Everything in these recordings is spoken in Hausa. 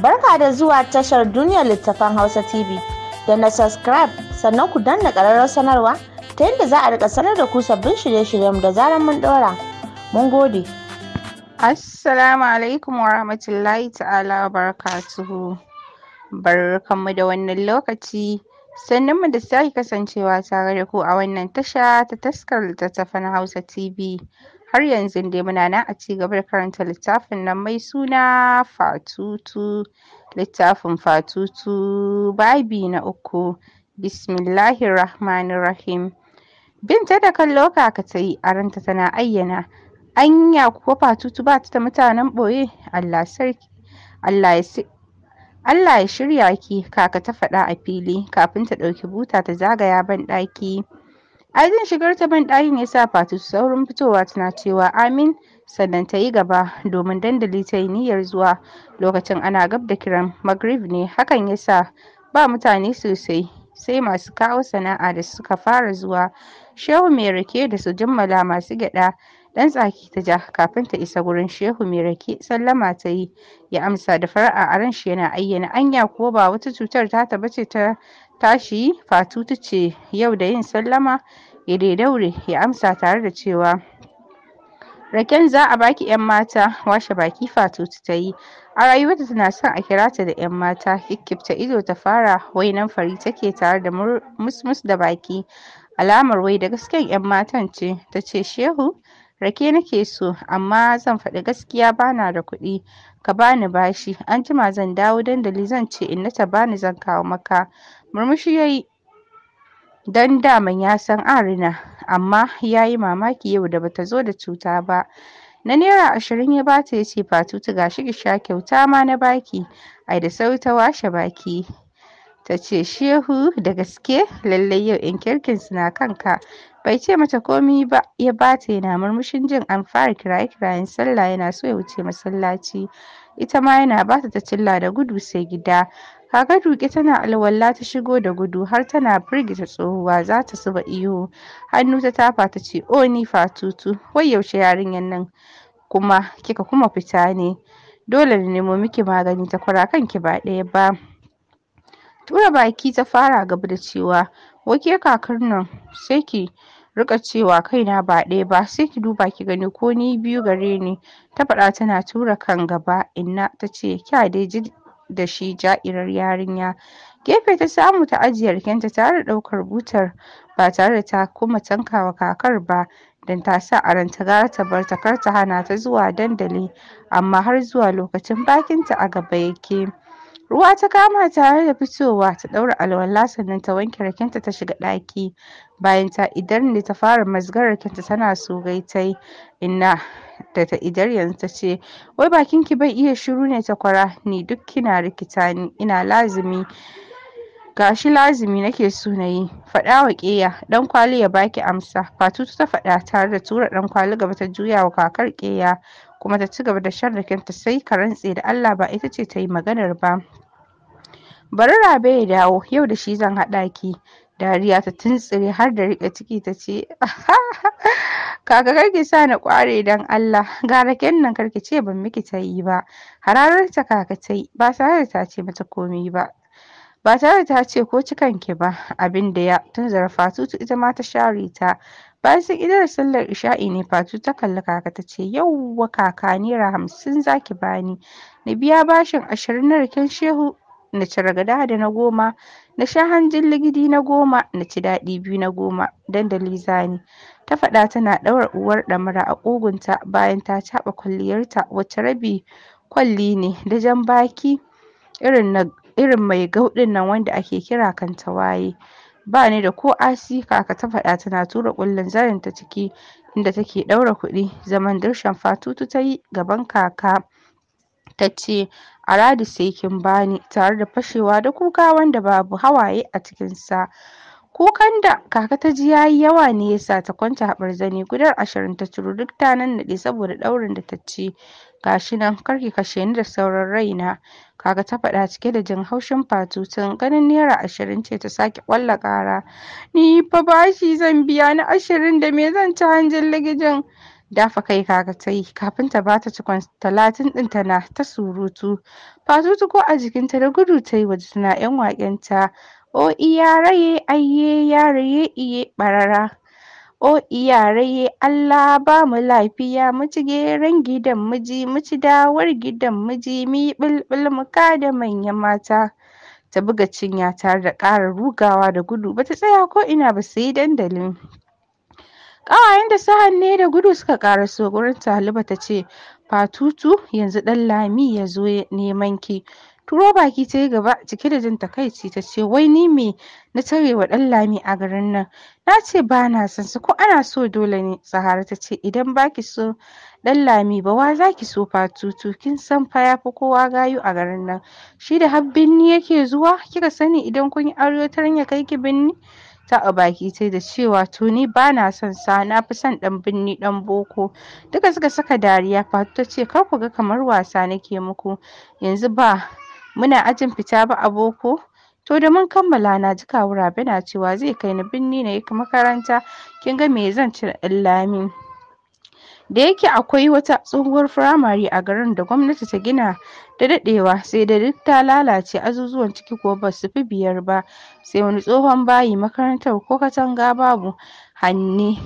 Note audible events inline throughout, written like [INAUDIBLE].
Barka da zuwa tashar duniyar littafan Hausa TV da na subscribe sannan ku danna ƙararrar sanarwa ta yadda za a rika sanar da ku sabbin shirye-shiryen da zarar mun ɗora. Mun gode. Assalamu alaikum wa rahmatullahi ta'ala wa barakatuhu. Barkanmu da wannan lokaci. Sannan mu da sake kasancewa tare da ku a wannan tasha ta taskar littattafan Hausa TV. har yanzu dai muna nan a ci gaba da karanta littafin nan mai suna fatutu littafin fatutu babi na uku bismillahirrahmanirrahim binta da kallo kaka ta yi a ranta tana ayyana anya kuwa fatutu ba ta mutanen boye allah sarki allah ya Allah ya shirya ki kaka ta faɗa a fili kafin ta ɗauki buta ta zagaya ban ɗaki. Ai shigar ta banɗakin ya sa Fatu saurin fitowa tana cewa amin sannan ta yi gaba domin dandali ta yi niyyar zuwa lokacin ana gab da kiran magrib ne hakan ya sa ba mutane sosai sai masu kawo sana'a da suka fara zuwa shehu mai rake da su jimmala masu gyada dan tsaki ta ja kafin ta isa gurin shehu mai rake sallama ta yi ya amsa da fara'a a ran shi yana ayyana anya ko ba wata cutar ta taba ce ta tashi Fatutu ce yau da yin sallama ya daidaure ya amsa tare da cewa raken za a baki 'yan mata washe baki Fatutu ta yi a rayuwarta tana son a kira ta da 'yan mata kikkifta ido ta fara wainan fari take tare da musmus da baki alamar wai da gasken 'yan matan ce ta ce shehu rake nake so amma zan faɗi gaskiya bana da kuɗi ka bani bashi an jima zan dawo dandali zan ce in na ta bani zan kawo maka Murmushi yayi yi, don daman ya san Arina, amma yayi mamaki yau da bata zo da cuta ba. Na Naira ashirin ya bata ya ce Fatutu gashi ki sha kyauta ma na baki, ai da sauri ta washe baki. ta ce shehu da gaske lallai yau in kirkin suna kanka bai ce mata komi ba ya bata yana murmushin jin an fara kiraye kirayen sallah yana so ya wuce masallaci ita ma yana bata ta cilla da gudu sai gida Kakar Duke tana alwalla ta shigo da gudu har tana firgita tsohuwa za ta zuba ihu. Hannu ta tafa ta ce, "O oh, ni fatutu, wai yaushe yarinyar nan kuma kika kuma fita ne? Dole ne nemo miki magani ta kwara kanki ba ɗaya ba." Tura baki ta fara gaba da cewa, "Wake kakar nan sai ki rika cewa kaina ba ɗaya ba sai ki duba ki gani ko ni biyu gare ni." Ta faɗa tana tura kan gaba inna ta ce, "Kya dai da shi ja'irar yarinya gefe ta samu ta ajiye rikenta tare da ɗaukar butar ba tare da ta kuma tankawa kakar ba don ta sa a ranta gara ta bar ta kar ta hana ta zuwa dandali amma har zuwa lokacin bakinta a gaba yake ruwa ta kama tare da fitowa ta ɗaura alwala sannan ta wanke rakenta ta shiga ɗaki bayan ta idar ne ta fara mazgar rakenta tana gai ta yi da ta idar yanzu ta ce wai bakinki bai iya shiru ne ta kwara ni duk kina rikita ni ina lazumi Ga lazimi nake so na yi, faɗa wa Ƙeya, kwali ya baki amsa, Fatutu ta faɗa tare da tura ɗan kwali gaba ta juya wa kakar Ƙeya kuma ta ci gaba da ta sai ka rantse da Allah ba ita ce ta yi maganar ba. Bari Rabe ya dawo, yau da shi zan haɗa ki. Dariya ta tuntsire har da riƙe ciki ta ce, [LAUGHS] Kaka karki sa na ƙware don Allah, ga raken nan karki ce ban miki ta yi ba. Hararar ta kaka ta yi, ba tare da ta ce mata komai ba. ba tare da ta ce ko cikanki ba abin da ya tunzura fatutu ita ma ta share ta bayan sun idar sallar isha'i ne fatu ta kalli kaka ta ce yauwa kaka naira hamsin zaki bani na biya bashin ashirin na rikin shehu na ci ragada da na goma na sha hanjin ligidi na goma na ci daɗi biyu na goma dandali zani ta faɗa tana ɗaura uwar ɗamara a ƙugunta bayan ta caɓa kwalliyarta wacce rabi kwalli ne da jan baki irin na irin mai gauɗin nan wanda ake kira waye Ba ni da ko Asi kaka ta faɗa tana tura ƙullun ta ciki inda take ɗaura kuɗi. Zaman dirshan Fatutu ta yi gaban kaka ta ce, a radi sai kin bani tare da fashewa da kuka wanda babu hawaye a cikinsa. kukan da kaka ta ji yayi yawa ne yasa ta kwanta a zane gudar ashirin ta ciro duk ta nannaɗe saboda ɗaurin da ta ci Gashi nan, kar ki kashe ni da sauran raina," kaga ta faɗa cike da jin haushin fatutun, ganin naira ashirin ce ta sake ƙwalla ƙara. "Ni fa bashi zan biya na ashirin da me zan ci hanjin ligijin?" Dafa kai kaga ta yi kafin ta bata cikon talatin ɗin tana ta surutu. Fatutu ko a jikinta da gudu ta yi waje tana 'yan waƙenta. "O iya raye, ayye ya iye ɓarara." O raye, Allah mu lafiya muci geren gidan miji muci dawar gidan miji mi ɓulɓul mu kada manya mata ta buga cinya tare da ƙara rugawa da gudu bata tsaya ko ina ba sai dandalin ƙawayen da su hanne da gudu suka so gurin Taliba ta ce Fatutu yanzu ɗan Lami ya zo neman ki turo baki ta yi gaba cike da jin takaici ta ce wai ni me na tare wa ɗan lami a garin nan na ce ba na son su ko ana so dole ne sahara ta ce idan baki so dan lami ba wa za ki so fatutu kin san fa ya fi kowa gayu a garin nan shi da habbin ni yake zuwa kika sani idan kun yi aure ta ranya kai ki binni a baki ta da cewa to ni ba na son sa na fi son dan binni dan boko duka suka saka dariya fatu ta ce kar ku ga kamar wasa nake muku yanzu ba muna ajin fita ba a boko to da mun kammala na ji kawu rabe na cewa zai kai ni binni na yi makaranta kin ga me zan ci ɗan lami da yake akwai wata tsohuwar firamare a garin da gwamnati ta gina da dadewa, sai da duk ta lalace azuzuwan ciki ko ba su fi biyar ba sai wani tsohon bayi makarantar ko katanga babu hanne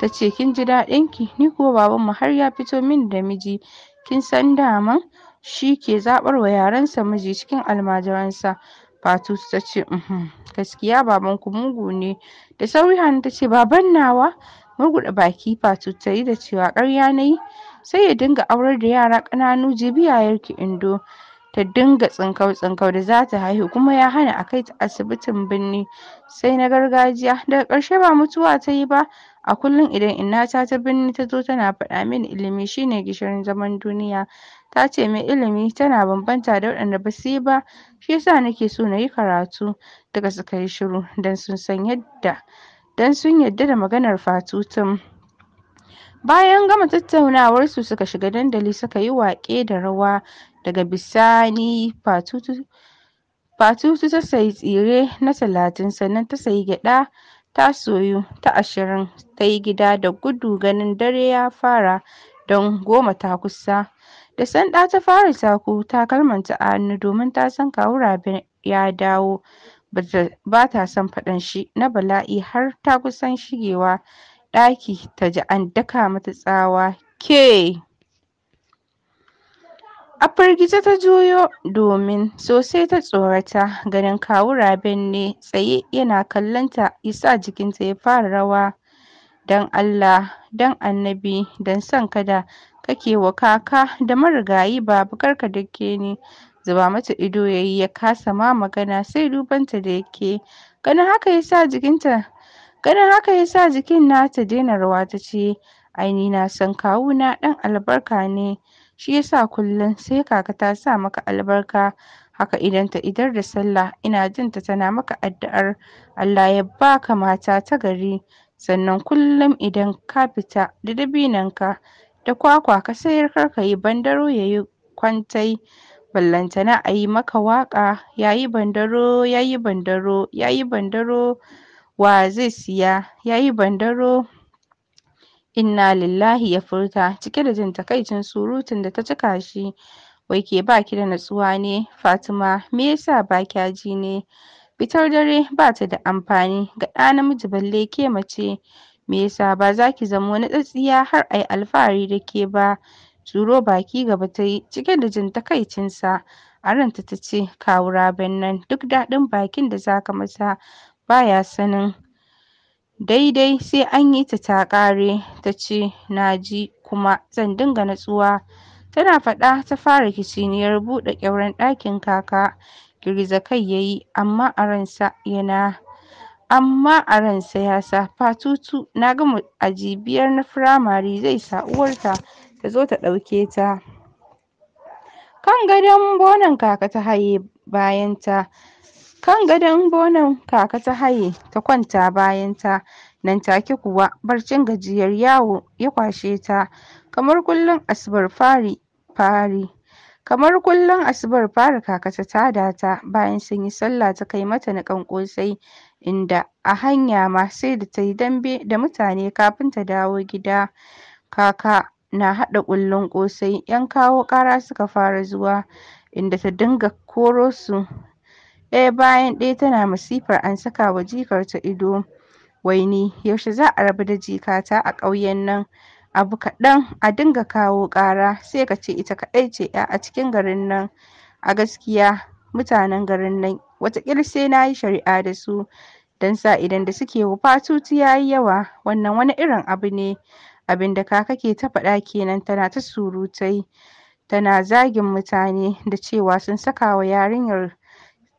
ta ce kin ji daɗin ki ni baban babanmu har ya fito min da miji kin san daman shi ke zaɓar wa yarensa miji cikin almajiransa. Patus ta ce, "Uhum, gaskiya babanku mugu ne." Da sauri hannu ta ce, "Baban nawa?" Murguɗa baki Patus ta yi da cewa ƙarya na yi. Sai ya dinga aurar da yara ƙananu jibi ki Indo. Ta dinga tsinkau-tsinkau da za ta haihu kuma ya hana a kai ta asibitin birni sai na gargajiya. Daga ƙarshe ba mutuwa ta yi ba. A kullum idan ina ta ta birni ta zo tana faɗa min ilimi shine gishirin zaman duniya. Ta ce mai ilimi tana bambanta da waɗanda ba su yi ba, shi yasa nake so na yi karatu. daga suka yi shiru don sun san yadda don sun yarda da maganar Fatu Bayan gama tattaunawar su suka shiga dandali suka yi waƙe da rawa daga bisani Fatutu Fatutu ta sayi tsire na talatin sannan ta sayi gyaɗa ta soyu ta ashirin ta yi gida da gudu ganin dare ya fara don goma ta kusa. Da sanda ta fara tako ta a hannu domin ta san kawu Rabe ya dawo ba ta son faɗan shi na bala'i har ta kusan shigewa ɗaki ta ji an daka mata tsawa “ke!” A firgita ta juyo domin sosai ta tsorata ganin kawu Raben ne tsaye yana kallonta ya sa jikinta ya fara rawa. “Don Allah, don Annabi, don son kada kake wa kaka da marigayi baba kar ka dake ni zuba mata ido yayi ya kasa ma magana sai dubanta da yake ganin haka yasa jikinta ganin haka yasa jikin nata daina rawa ta ce ai ni na san na ɗan albarka ne shi yasa kullum sai kaka ta sa maka albarka haka idan ta idar da sallah ina jin ta tana maka addu'ar Allah ya baka mata ta gari sannan kullum idan ka fita da dabinan ka da kwakwa ka sayar kar yi bandaro ya yi kwantai ballantana yi maka waƙa "yayi bandaro yi bandaro yi bandaro wa zai siya Ya yi bandaro inna lillahi" ya furta cike da jin takaicin surutun da ta cika shi. "Wai ke ba ki da natsuwa ne Fatima me yasa ba kya ji ne? Fitar dare ba ta da amfani ga ɗa namiji balle ke mace. Me yasa ba za ki zamo wani tsatsiya har a alfahari da ke ba? Turo baki gaba ta yi cike da jin takaicinsa. A ranta ta ce, kawu raben nan duk daɗin bakin da zaka ka masa baya sanin daidai sai an yi ta ta ƙare. Ta ce, na ji kuma zan dinga natsuwa. Tana faɗa ta fara kiciniyar buɗe ƙyauren ɗakin kaka. Girgiza kai ya yi amma a ransa yana amma a ransa ya sa fatutu na gama aji biyar na firamare zai sa uwarta ta zo ta ɗauke ta kan gadon bonon kaka ta haye bayanta kan gadon bonon kaka ta haye ta kwanta bayanta nan take kuwa barcin gajiyar yawo ya kwashe ta kamar kullum asubar fari fari kamar kullum asubar fari kaka ta tada ta bayan sun yi sallah ta kai mata niƙan ƙosai inda a hanya ma sai da ta yi dambe da mutane kafin ta dawo gida kaka na haɗa ƙullun ƙosai 'yan kawo ƙara suka fara zuwa inda ta dinga koro su ɗaya bayan ɗaya tana masifar an saka wa ta ido waini yaushe za a rabu da jikata a ƙauyen nan abu kaɗan a dinga kawo ƙara sai ka ce ita kaɗai ce a cikin garin nan a gaskiya mutanen garin nan watakila sai na yi shari'a da su don sa idan da suke wa fatutu ya yi yawa wannan wani irin abu ne abin da kaka ke ta faɗa kenan tana ta surutai tana zagin mutane da cewa sun saka wa yarinyar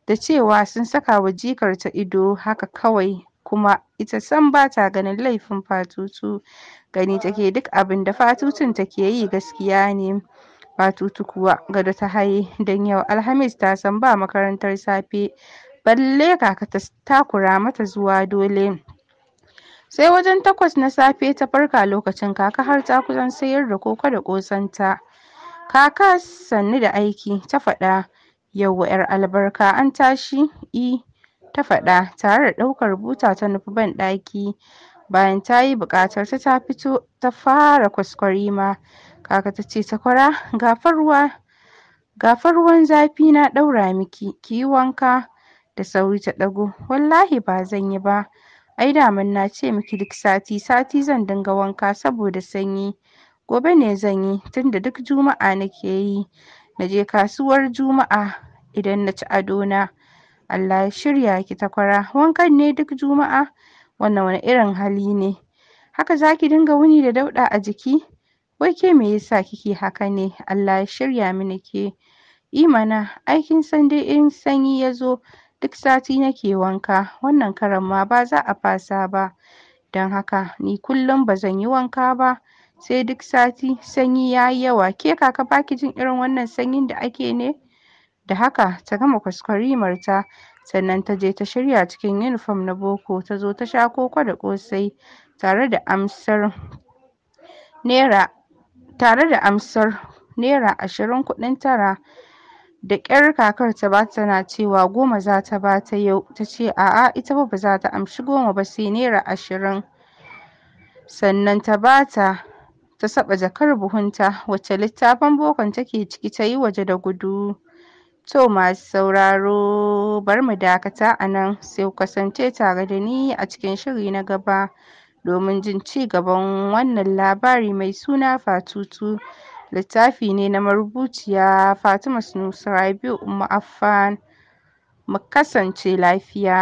da cewa sun saka wa ta ido haka kawai kuma ita san ba ta ganin laifin fatutu gani take duk abin da fatutun take yi gaskiya ne batutukuwa ga gado ta haye don yau Alhamis ta san ba makarantar safe balle kaka ta takura mata zuwa dole. Sai wajen takwas na safe ta farka lokacin kaka har ta kusan sayar da koko da ƙosanta. Kaka sannu da aiki ta faɗa yauwa 'yar albarka an tashi i ta faɗa tare da ɗaukar buta ta nufi banɗaki bayan ta yi buƙatar ta ta fito ta fara kwaskwarima. kaka ta ce sakwara gafar ruwan zafi na ɗaura miki ki yi wanka da sauri ta ɗago wallahi ba zan yi ba ai daman na ce miki duk sati sati zan dinga wanka saboda sanyi gobe ne zan yi tunda duk juma'a nake yi na je kasuwar juma'a idan na ci adona Allah ya shirya ki takwara wankan ne duk juma'a wannan wani irin hali ne haka zaki dinga wuni da dauɗa a jiki wai ke me yasa kike haka ne Allah ya shirya mini ke Imana, aikin ai kin in sanyi ya zo duk sati nake wanka wannan karan ma ba za a fasa ba don haka ni kullum ba zan yi wanka ba sai duk sati sanyi ya yi yawa ke kaka baki jin irin wannan sanyin da ake ne da haka ta gama kwaskwarimar ta sannan ta je ta shirya cikin yunifom na boko ta zo ta sha koko da ƙosai. tare da amsar naira tare da amsar naira ashirin kuɗin tara da ƙyar kakar ta bata tana cewa goma zata bata yau ta ce a'a ita za bazata amshi goma ba sai naira ashirin sannan ta bata ta saɓa jakar buhunta wacce littafin bokon take ciki ta yi waje da gudu to masu sauraro bari mu dakata a nan sai ku kasance tare da ni a cikin shiri na gaba domin jin ci gaban wannan labari mai suna Fatutu. Littafi ne na marubuciya Fatima Sunusi Rabi'u Ummu Mu kasance lafiya.